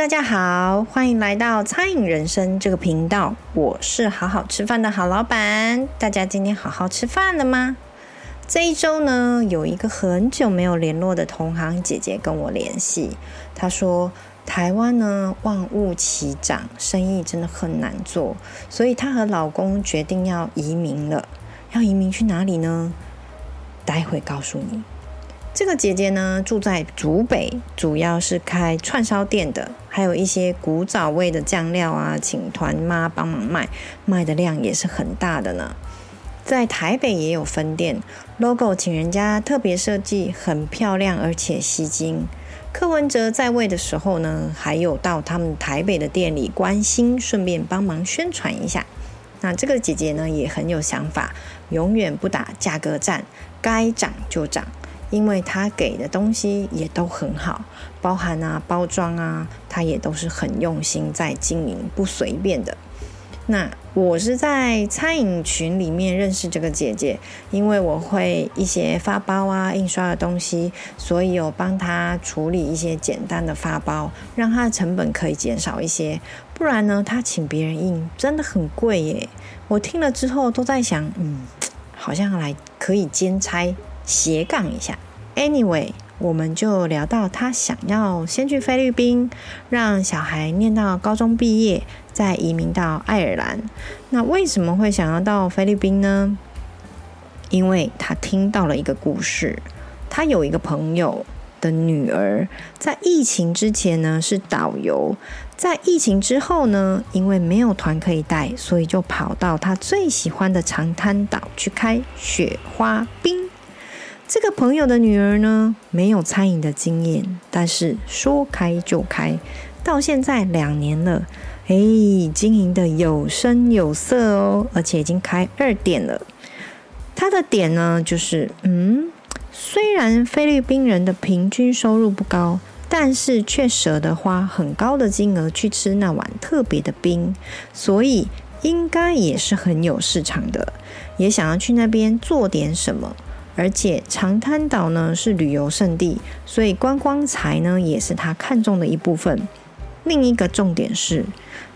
大家好，歡迎來到餐飲人生這個頻道。我是好好吃飯的好老闆。大家今天好好吃飯了嗎？這一週呢，有一個很久沒有聯絡的同行姐姐跟我聯繫，她說：“台灣呢，萬物齊漲，生意真的很難做，所以她和老公決定要移民了。要移民去哪裡呢？待會告訴你。”這個姐姐呢，住在竹北，主要是開串燒店的。還有一些古早味的醬料啊，請團媽幫忙賣，賣的量也是很大的呢。在台北也有分店，logo 請人家特別設計，很漂亮，而且吸睛。柯文哲在位的時候呢，還有到他們台北的店裡關心，順便幫忙宣傳一下。那這個姐姐呢，也很有想法，永遠不打價格戰，該漲就漲。因為他給的東西也都很好，包含啊包裝啊，他也都是很用心在經營，不隨便的。那我是在餐飲群裡面認識這個姐姐，因為我會一些發包啊印刷的東西，所以有幫她處理一些簡單的發包，讓她的成本可以減少一些。不然呢，她請別人印真的很貴耶。我聽了之後都在想，嗯，好像來可以兼差斜槓一下。Anyway，我們就聊到他想要先去菲律賓，讓小孩念到高中畢業，再移民到愛爾蘭。那為什麼會想要到菲律賓呢？因為他聽到了一個故事。他有一個朋友的女兒，在疫情之前呢是導遊，在疫情之後呢，因為沒有團可以帶，所以就跑到他最喜歡的長灘島去開雪花冰。這個朋友的女兒呢，沒有餐飲的經驗，但是說開就開，到現在兩年了，哎，經營的有聲有色哦，而且已經開二店了。他的點呢，就是嗯，雖然菲律賓人的平均收入不高，但是卻舍得花很高的金額去吃那碗特別的冰，所以應該也是很有市場的，也想要去那邊做點什麼。而且長灘島呢是旅遊勝地，所以觀光財呢也是他看中的一部分。另一個重點是，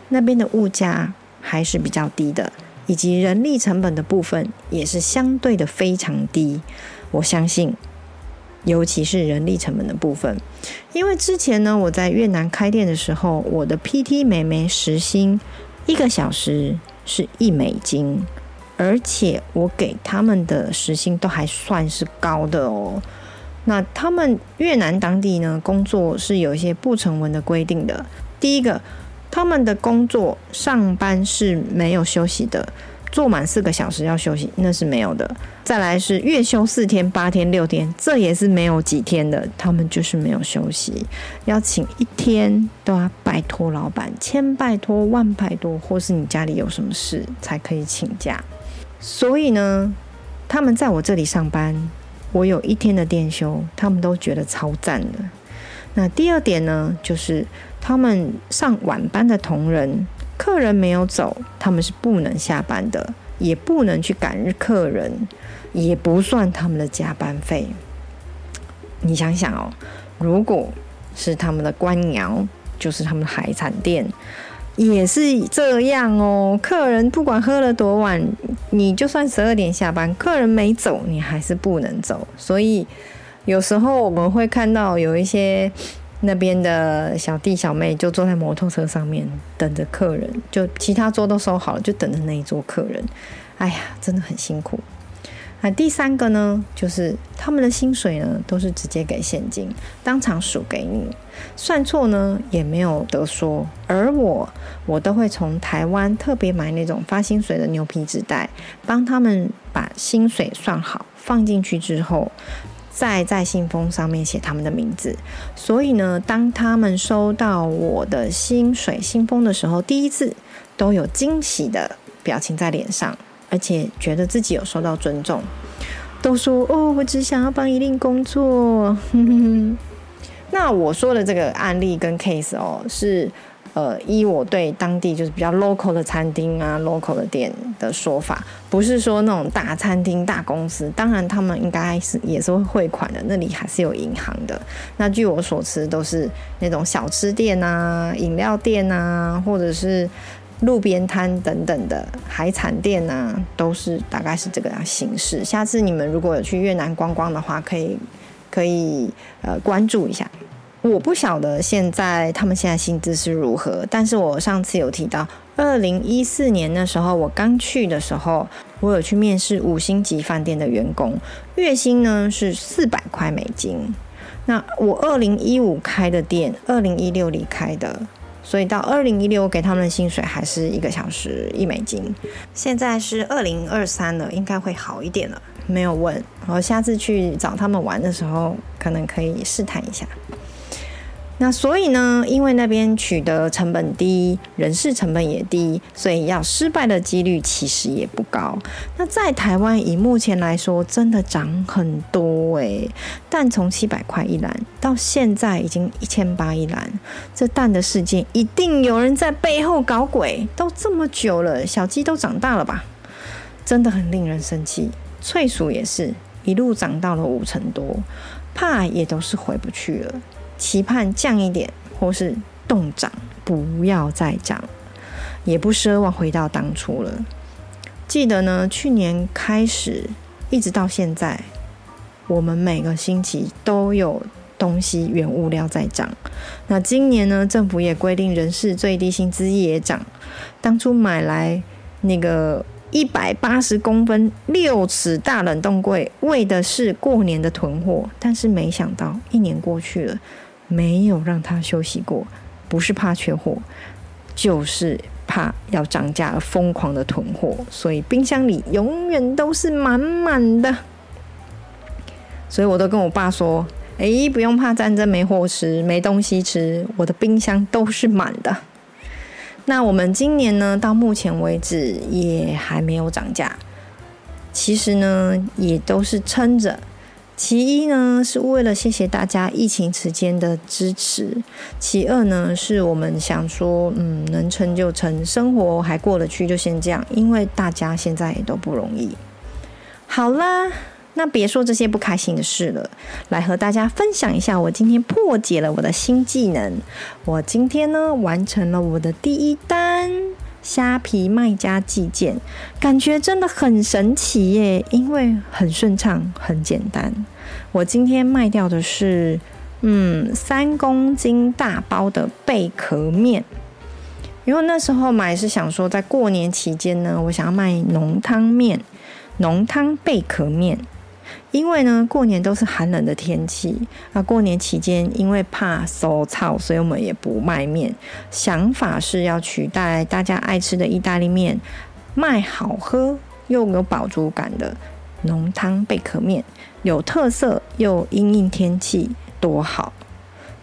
那邊的物價還是比較低的，以及人力成本的部分也是相對的非常低。我相信，尤其是人力成本的部分，因為之前呢我在越南開店的時候，我的 PT 美眉時薪一個小時是一美金。而且我給他們的時薪都還算是高的哦。那他們越南當地呢，工作是有一些不成文的規定的。第一個，他們的工作上班是沒有休息的，做滿四個小時要休息，那是沒有的。再來是月休四天、八天、六天，這也是沒有幾天的，他們就是沒有休息，要請一天，都要拜託老闆，千拜託萬拜託，或是你家裡有什麼事才可以請假。所以呢，他們在我這裡上班，我有一天的店休，他們都覺得超贊的。那第二點呢，就是他們上晚班的同仁，客人沒有走，他們是不能下班的，也不能去趕日客人，也不算他們的加班費。你想想哦，如果是他們的官窑，就是他們的海產店。也是這樣哦，客人不管喝了多晚，你就算十二點下班，客人沒走，你還是不能走。所以有時候我們會看到有一些那邊的小弟小妹就坐在摩托車上面等着客人，就其他桌都收好了，就等着那一桌客人。哎呀，真的很辛苦。那第三個呢，就是他們的薪水呢，都是直接給現金，當場數給你，算錯呢也沒有得說。而我，我都會從台灣特別買那種發薪水的牛皮紙袋，幫他們把薪水算好，放進去之後，再在信封上面寫他們的名字。所以呢，當他們收到我的薪水信封的時候，第一次都有驚喜的表情在臉上。而且覺得自己有受到尊重，都說哦，我只想要幫一定工作呵呵。那我說的這個案例跟 case 哦，是呃，依我對當地就是比較 local 的餐廳啊、local 的店的說法，不是說那種大餐廳、大公司。當然，他們應該是也是會匯款的，那裡還是有銀行的。那據我所知，都是那種小吃店啊、飲料店啊，或者是。路邊攤等等的海產店啊，都是大概是這個樣、啊、形式。下次你們如果有去越南觀光的話，可以可以呃關注一下。我不曉得現在他們現在薪資是如何，但是我上次有提到，二零一四年的時候我剛去的時候，我有去面試五星級飯店的員工，月薪呢是四百塊美金。那我二零一五開的店，二零一六離開的。所以到二零一六，給他們的薪水還是一個小時一美金。現在是二零二三了，應該會好一點了。沒有問，然後下次去找他們玩的時候，可能可以試探一下。那所以呢？因為那邊取得成本低，人事成本也低，所以要失敗的幾率其實也不高。那在台灣以目前來說，真的漲很多誒、欸。但從七百塊一籃到現在已經一千八一籃，這蛋的事件一定有人在背後搞鬼。都這麼久了，小雞都長大了吧？真的很令人生氣。翠薯也是一路漲到了五成多，怕也都是回不去了。期盼降一點，或是凍漲，不要再漲，也不奢望回到當初了。記得呢，去年開始一直到現在，我們每個星期都有東西原物料在漲。那今年呢，政府也規定，人事最低薪資也漲。當初買來那個。一百八十公分六尺大冷凍櫃，為的是過年的囤貨。但是沒想到一年過去了，沒有讓他休息過。不是怕缺貨，就是怕要漲價而瘋狂的囤貨。所以冰箱裡永遠都是滿滿的。所以我都跟我爸說：“哎、欸，不用怕戰爭沒貨吃，沒東西吃，我的冰箱都是滿的。”那我們今年呢，到目前為止也還沒有漲價。其實呢，也都是撐着。其一呢，是為了謝謝大家疫情期間的支持；其二呢，是我們想說，嗯，能撐就撐，生活還過得去就先這樣，因為大家現在也都不容易。好啦。那別說這些不開心的事了，來和大家分享一下我今天破解了我的新技能。我今天呢，完成了我的第一單蝦皮賣家寄件，感覺真的很神奇耶，因為很順暢，很簡單。我今天賣掉的是，嗯，三公斤大包的貝殼麵。因為那時候買是想說在過年期間呢，我想要賣濃湯麵，濃湯貝殼麵。因為呢，過年都是寒冷的天氣，那、啊、過年期間因為怕收操，所以我們也不賣麵。想法是要取代大家愛吃的意大利麵，賣好喝又有飽足感的濃湯貝殼麵，有特色又因應天氣，多好。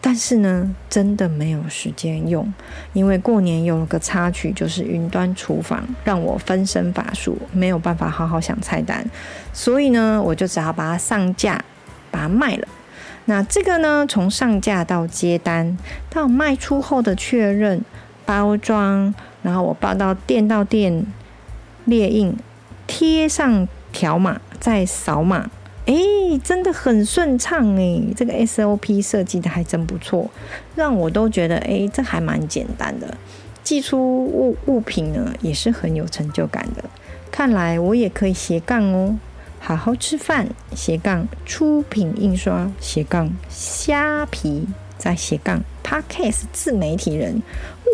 但是呢，真的沒有時間用，因為過年有了個插曲，就是雲端廚房讓我分身乏術，沒有辦法好好想菜單，所以呢，我就只好把它上架，把它賣了。那這個呢，從上架到接單，到賣出後的確認、包裝，然後我報到店到店列印，貼上條碼，再掃碼。哎，真的很順暢哎，這個 SOP 設計的還真不錯，讓我都覺得哎，這還蠻簡單的。寄出物物品呢，也是很有成就感的。看來我也可以斜槓哦，好好吃飯斜槓出品印刷斜槓蝦皮再斜槓 Podcast 自媒體人，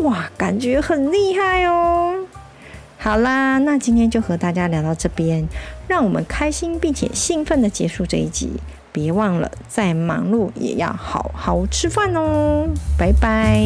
哇，感覺很厲害哦。好啦，那今天就和大家聊到這邊，讓我們開心並且興奮地結束這一集。別忘了，再忙碌也要好好吃飯哦，拜拜。